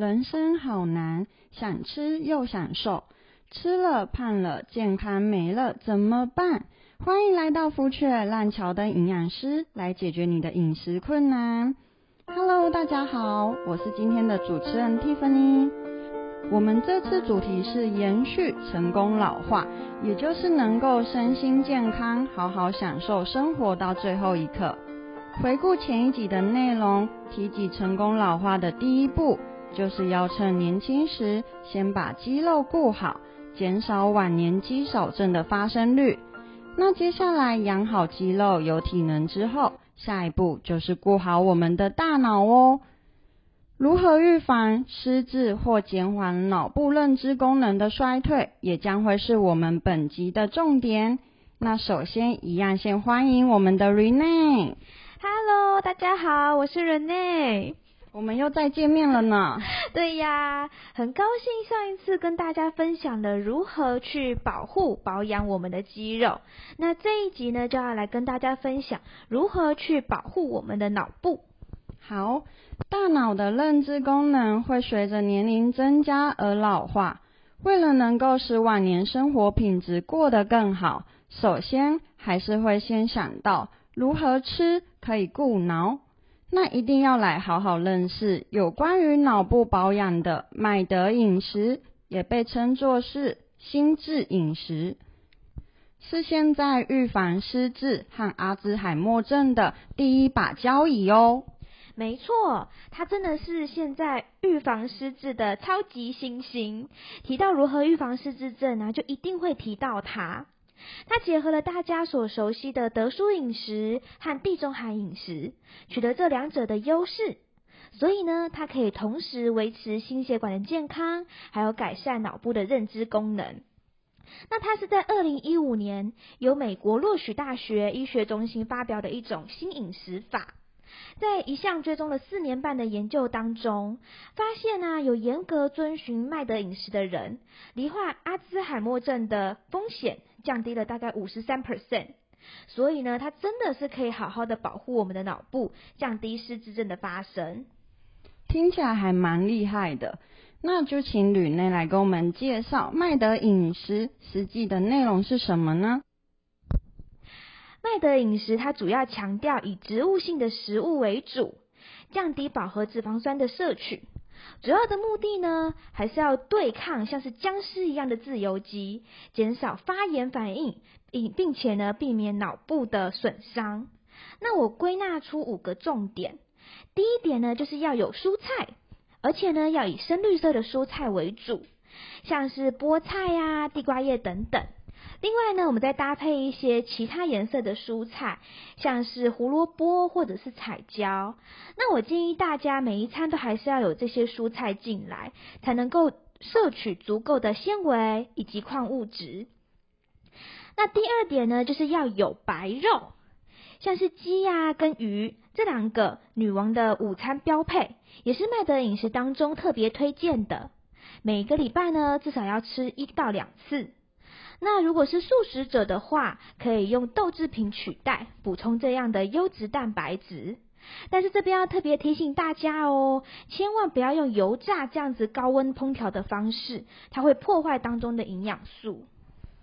人生好難，想吃又想瘦，吃了胖了，健康沒了，怎麼辦？歡迎來到福雀，讓喬丹營養師來解決你的飲食困難。Hello，大家好，我是今天的主持人 Tiffany。我們這次主題是延續成功老化，也就是能夠身心健康，好好享受生活到最後一刻。回顧前一集的內容，提及成功老化的第一步。就是要趁年輕時先把肌肉顧好，減少晚年肌少症的發生率。那接下來養好肌肉、有體能之後，下一步就是顧好我們的大腦哦。如何預防失智或減緩腦部認知功能的衰退，也將會是我們本集的重點。那首先，一樣先歡迎我們的 Rene。Hello，大家好，我是 Rene。我們又再見面了呢。 對呀，很高興上一次跟大家分享了如何去保護保養我們的肌肉，那這一集呢，就要來跟大家分享如何去保護我們的腦部。好，大腦的認知功能會隨着年齡增加而老化，為了能夠使晚年生活品質過得更好，首先還是會先想到如何吃可以顧腦。那一定要來好好認識有關於腦部保養的麥德飲食，也被稱作是心智飲食，是現在預防失智和阿茲海默症的第一把交椅哦。沒錯，它真的是現在預防失智的超級新星。提到如何預防失智症呢、啊，就一定會提到它。它結合了大家所熟悉的得舒飲食和地中海飲食，取得這兩者的優勢，所以呢，它可以同時維持心血管的健康，還有改善腦部的認知功能。那它是在二零一五年由美國洛許大學醫學中心發表的一種新飲食法，在一項追蹤了四年半的研究當中，發現呢、啊、有嚴格遵循麥德飲食的人，罹患阿茲海默症的風險，降低了大概五十三%，所以呢，它真的是可以好好的保護我們的腦部，降低失智症的發生，聽起來還蠻厲害的。那就請呂內來跟我們介紹麥德飲食實際的內容是什麼呢？麥德飲食它主要強調以植物性的食物為主，降低飽和脂肪酸的攝取。主要的目的呢，還是要對抗像是殭屍一樣的自由基，減少發炎反應，並並且呢避免腦部的損傷。那我歸納出五個重點，第一點呢就是要有蔬菜，而且呢要以深綠色的蔬菜為主，像是菠菜呀、啊、地瓜葉等等。另外呢，我們再搭配一些其他顏色的蔬菜，像是胡蘿蔔或者是彩椒。那我建議大家每一餐都還是要有這些蔬菜進來，才能夠攝取足夠的纖維以及礦物質。那第二點呢，就是要有白肉，像是雞呀、啊、跟魚這兩個女王的午餐標配，也是麥德飲食當中特別推薦的。每個禮拜呢，至少要吃一到兩次。那如果是素食者的話，可以用豆製品取代，補充這樣的優質蛋白質。但是這邊要特別提醒大家哦，千萬不要用油炸這樣子高溫烹調的方式，它會破壞當中的營養素。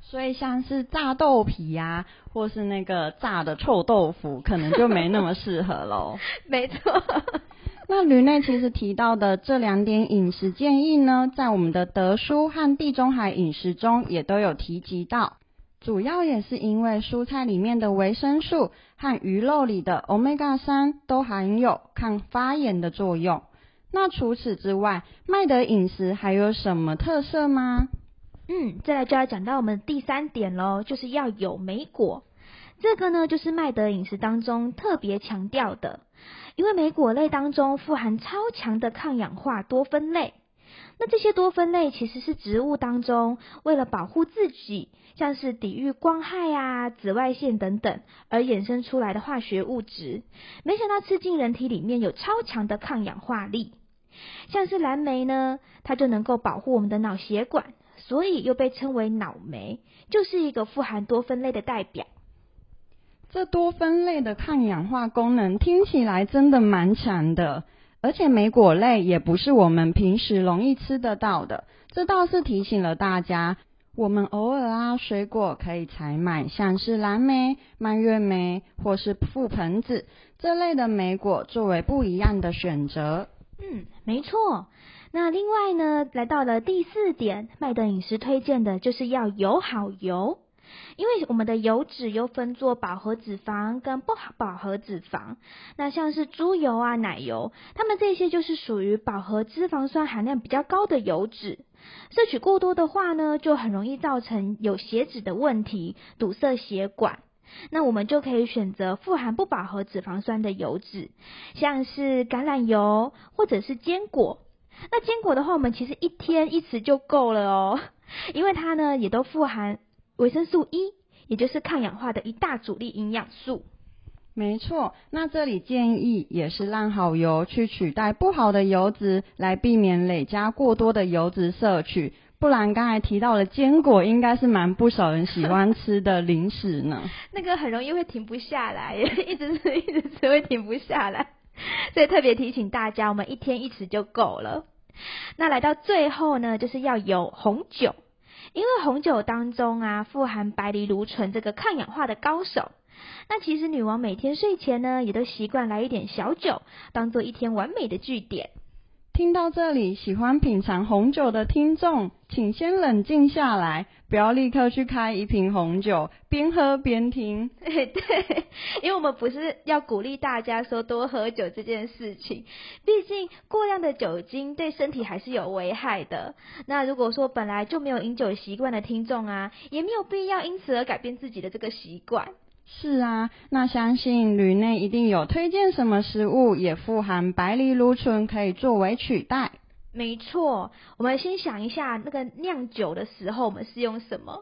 所以像是炸豆皮呀、啊，或是那個炸的臭豆腐，可能就沒那麼適合嘍。 沒錯。 那呂內其實提到的這兩點飲食建議呢，在我們的得舒和地中海飲食中也都有提及到，主要也是因為蔬菜裡面的維生素和魚肉裡的 Omega 3都含有抗發炎的作用。那除此之外，麥得飲食還有什麼特色嗎？嗯，再來就要講到我們第三點嘍，就是要有莓果。這個呢，就是麥德飲食當中特別強調的，因為莓果類當中富含超強的抗氧化多酚類。那這些多酚類其實是植物當中為了保護自己，像是抵禦光害啊、紫外線等等，而衍生出來的化學物質。沒想到吃進人體裡面有超強的抗氧化力，像是藍莓呢，它就能夠保護我們的腦血管，所以又被稱為腦莓，就是一個富含多酚類的代表。這多酚類的抗氧化功能聽起來真的蠻強的，而且莓果類也不是我們平時容易吃得到的，這倒是提醒了大家，我們偶爾啊，水果可以採買像是藍莓、蔓越莓或是覆盆子這類的莓果作為不一樣的選擇。嗯，沒錯。那另外呢，來到了第四點，麥德飲食推薦的就是要有好油。因為我們的油脂又分作飽和脂肪跟不飽和脂肪，那像是豬油啊、奶油，它們這些就是屬於飽和脂肪酸含量比較高的油脂。攝取過多的話呢，就很容易造成有血脂的問題，堵塞血管。那我們就可以選擇富含不飽和脂肪酸的油脂，像是橄欖油或者是堅果。那堅果的話，我們其實一天一匙就夠了哦，因為它呢也都富含。維生素 E，也就是抗氧化的一大主力營養素。沒錯，那這裡建議也是讓好油去取代不好的油脂，來避免累加過多的油脂攝取。不然剛才提到了堅果，應該是蠻不少人喜歡吃的零食呢。 那個很容易會停不下來，一直吃一直吃會停不下來，所以特別提醒大家，我們一天一匙就夠了。那來到最後呢，就是要有紅酒。因為紅酒當中啊，富含白藜蘆醇這個抗氧化的高手。那其實女王每天睡前呢，也都習慣來一點小酒，當做一天完美的句點。聽到這裡，喜歡品嘗紅酒的聽眾，請先冷靜下來，不要立刻去開一瓶紅酒，邊喝邊聽。哎、欸，對，因為我們不是要鼓勵大家說多喝酒這件事情，畢竟過量的酒精對身體還是有危害的。那如果說本來就沒有飲酒習慣的聽眾啊，也沒有必要因此而改變自己的這個習慣。是啊，那相信旅內一定有推薦什麼食物也富含白藜蘆醇，可以作為取代。沒錯，我們先想一下，那個釀酒的時候，我們是用什麼？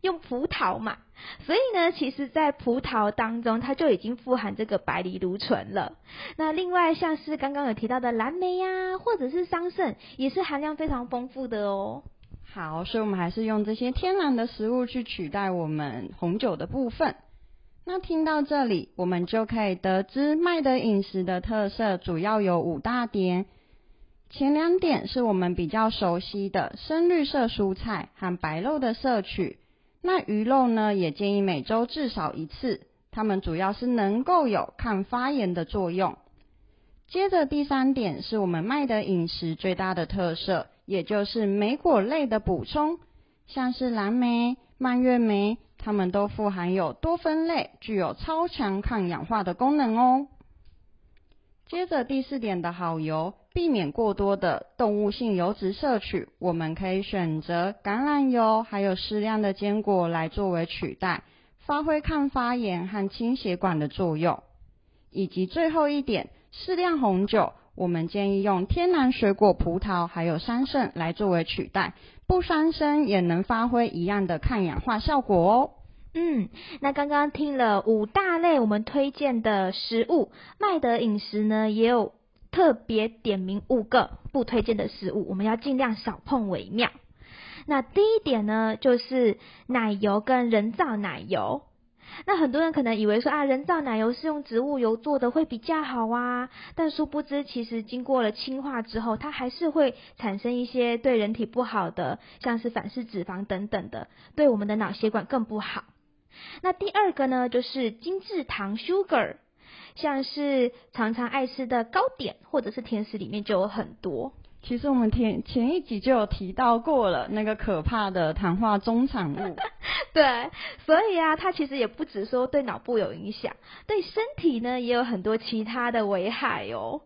用葡萄嘛。所以呢，其實在葡萄當中，它就已經富含這個白藜蘆醇了。那另外像是剛剛有提到的藍莓呀、啊，或者是桑葚，也是含量非常豐富的哦。好，所以我們還是用這些天然的食物去取代我們紅酒的部分。那聽到這裡，我們就可以得知麥得飲食的特色主要有五大點。前兩點是我們比較熟悉的深綠色蔬菜和白肉的攝取。那魚肉呢，也建議每週至少一次。它們主要是能夠有抗發炎的作用。接着第三點是我們麥得飲食最大的特色，也就是莓果類的補充，像是藍莓、蔓越莓。它們都富含有多酚類，具有超強抗氧化的功能哦。接着第四點的好油，避免過多的動物性油脂攝取，我們可以選擇橄欖油，還有適量的堅果來作為取代，發揮抗發炎和清血管的作用。以及最後一點，適量紅酒。我們建議用天然水果葡萄，還有桑葚來作為取代，不傷身也能發揮一樣的抗氧化效果哦。嗯，那剛剛聽了五大類我們推薦的食物，麥德飲食呢也有特別點名五個不推薦的食物，我們要儘量少碰為妙。那第一點呢，就是奶油跟人造奶油。那很多人可能以為說啊，人造奶油是用植物油做的會比較好啊，但殊不知，其實經過了氫化之後，它還是會產生一些對人體不好的，像是反式脂肪等等的，對我們的腦血管更不好。那第二個呢，就是精製糖 sugar，像是常常愛吃的糕點或者是甜食裡面就有很多。其實我們前前一集就有提到過了，那個可怕的糖化終產物。 對，所以啊，它其實也不只說對腦部有影響，對身體呢也有很多其他的危害哦。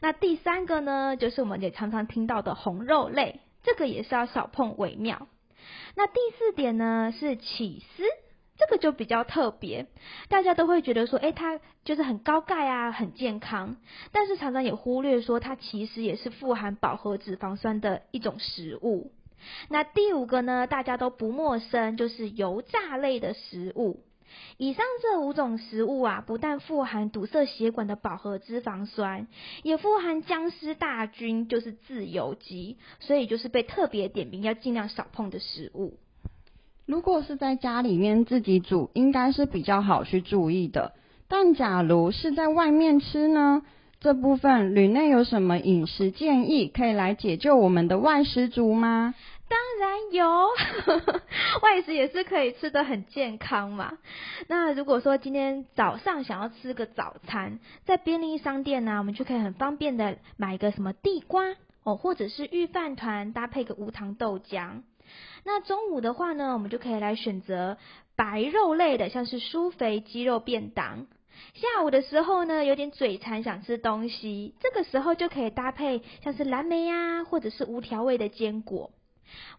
那第三個呢，就是我們也常常聽到的紅肉類，這個也是要少碰為妙。那第四點呢，是起司，這個就比較特別，大家都會覺得說，誒，欸，它就是很高鈣啊，很健康，但是常常也忽略說，它其實也是富含飽和脂肪酸的一種食物。那第五個呢，大家都不陌生，就是油炸類的食物。以上這五種食物啊，不但富含堵塞血管的飽和脂肪酸，也富含僵屍大軍，就是自由基，所以就是被特別點名要盡量少碰的食物。如果是在家裡面自己煮，應該是比較好去注意的。但假如是在外面吃呢？這部分旅內有什麼飲食建議可以來解救我們的外食族嗎？當然有， 外食也是可以吃得很健康嘛。那如果說今天早上想要吃個早餐，在便利商店呢，我們就可以很方便的買一個什麼地瓜哦，或者是御飯糰搭配個無糖豆漿。那中午的話呢，我們就可以來選擇白肉類的，像是舒肥雞肉便當。下午的時候呢，有點嘴饞想吃東西，這個時候就可以搭配像是藍莓呀、啊，或者是無調味的堅果。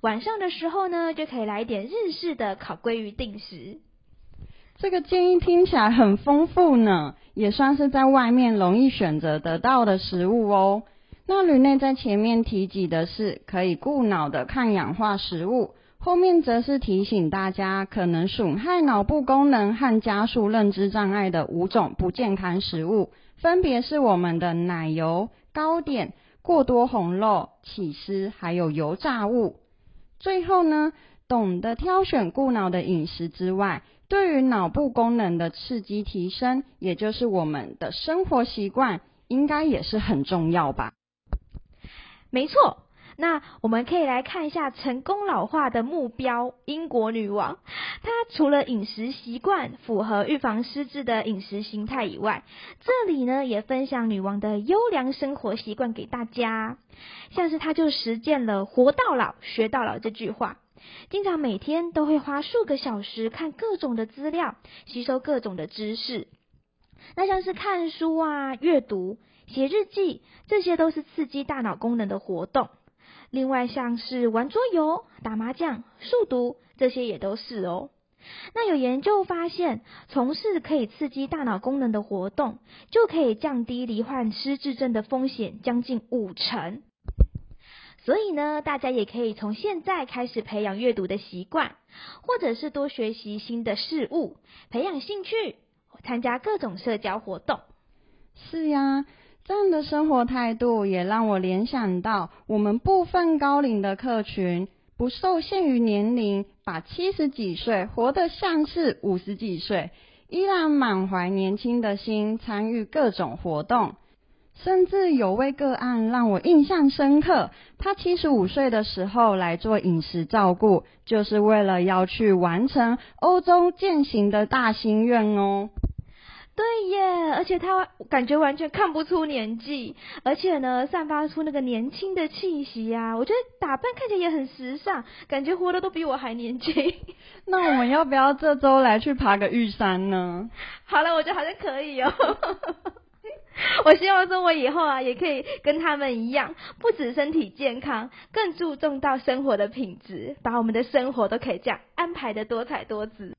晚上的時候呢，就可以來一點日式的烤鮭魚定食。這個建議聽起來很豐富呢，也算是在外面容易選擇得到的食物哦。那呂內在前面提及的是可以固腦的抗氧化食物。後面則是提醒大家，可能損害腦部功能和加速認知障礙的五種不健康食物，分別是我們的奶油、糕點、過多紅肉、起司，還有油炸物。最後呢，懂得挑選顧腦的飲食之外，對於腦部功能的刺激提升，也就是我們的生活習慣，應該也是很重要吧？沒錯。那我們可以來看一下成功老化的目標。英國女王，她除了飲食習慣符合預防失智的飲食形態以外，這裡呢也分享女王的優良生活習慣給大家。像是她就實踐了“活到老，學到老”這句話，經常每天都會花數個小時看各種的資料，吸收各種的知識。那像是看書啊、閱讀、寫日記，這些都是刺激大腦功能的活動。另外，像是玩桌遊、打麻將、數獨，這些也都是哦。那有研究發現，從事可以刺激大腦功能的活動，就可以降低罹患失智症的風險將近五成。所以呢，大家也可以從現在開始培養閱讀的習慣，或者是多學習新的事物，培養興趣，參加各種社交活動。是呀。這樣的生活態度也讓我聯想到，我們部分高齡的客群不受限於年齡，把七十幾歲活得像是五十幾歲，依然滿懷年輕的心，參與各種活動。甚至有位個案讓我印象深刻，他七十五歲的時候來做飲食照顧，就是為了要去完成歐洲健行的大心願哦。對耶，而且他感覺完全看不出年紀，而且呢，散發出那個年輕的氣息啊！我覺得打扮看起來也很時尚，感覺活得都比我還年輕。那我們要不要這周來去爬個玉山呢？好了，我覺得好像可以哦。 我希望說，我以後啊，也可以跟他們一樣，不止身體健康，更注重到生活的品質，把我們的生活都可以這樣安排的多彩多姿。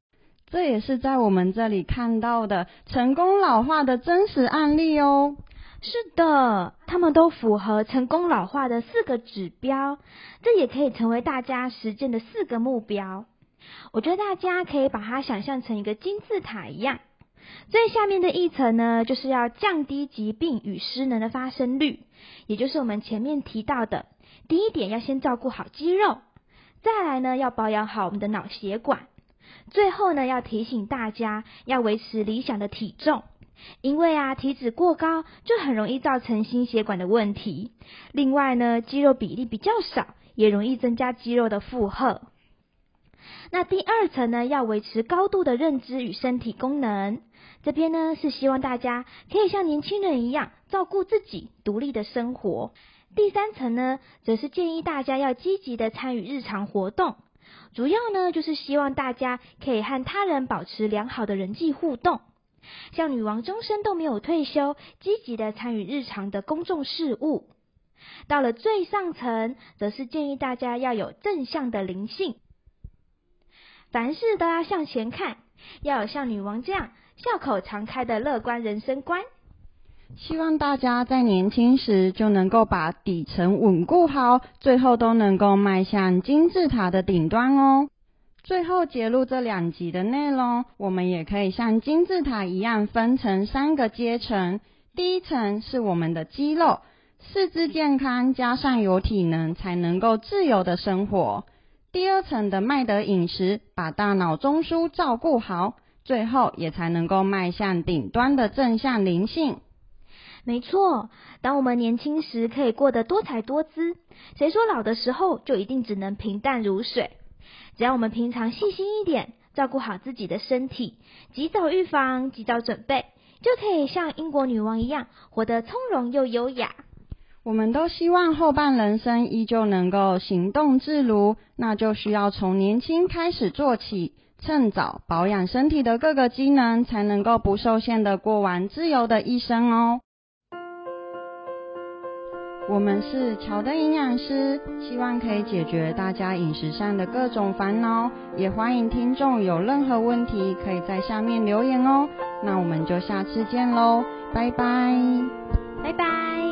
這也是在我們這裡看到的成功老化的真實案例哦。是的，他們都符合成功老化的四個指標，這也可以成為大家實踐的四個目標。我覺得大家可以把它想象成一個金字塔一樣，最下面的一層呢，就是要降低疾病與失能的發生率，也就是我們前面提到的第一點，要先照顧好肌肉，再來呢，要保養好我們的腦血管。最後呢，要提醒大家要維持理想的體重，因為啊體脂過高就很容易造成心血管的問題。另外呢，肌肉比例比較少也容易增加肌肉的負荷。那第二層呢，要維持高度的認知與身體功能。這邊呢是希望大家可以像年輕人一樣照顧自己獨立的生活。第三層呢，則是建議大家要積極的參與日常活動。主要呢，就是希望大家可以和他人保持良好的人際互動，像女王終身都沒有退休，積極的參與日常的公眾事務。到了最上層，則是建議大家要有正向的靈性，凡事都要向前看，要有像女王這樣笑口常開的樂觀人生觀。希望大家在年輕時就能夠把底層穩固好，最後都能夠邁向金字塔的頂端哦。最後結束這兩集的內容，我們也可以像金字塔一樣分成三個階層。第一層是我們的肌肉，四肢健康加上有體能，才能夠自由的生活。第二層的麥得飲食，把大腦中樞照顧好，最後也才能夠邁向頂端的正向靈性。沒錯，當我們年輕時可以過得多采多姿，誰說老的時候就一定只能平淡如水？只要我們平常細心一點，照顧好自己的身體，及早預防，及早準備，就可以像英國女王一樣，活得從容又優雅。我們都希望後半人生依舊能夠行動自如，那就需要從年輕開始做起，趁早保養身體的各個機能，才能夠不受限的過完自由的一生哦。我們是喬的營養師，希望可以解決大家飲食上的各種煩惱，也歡迎聽眾有任何問題可以在下面留言哦。那我們就下次見嘍，拜拜，拜拜。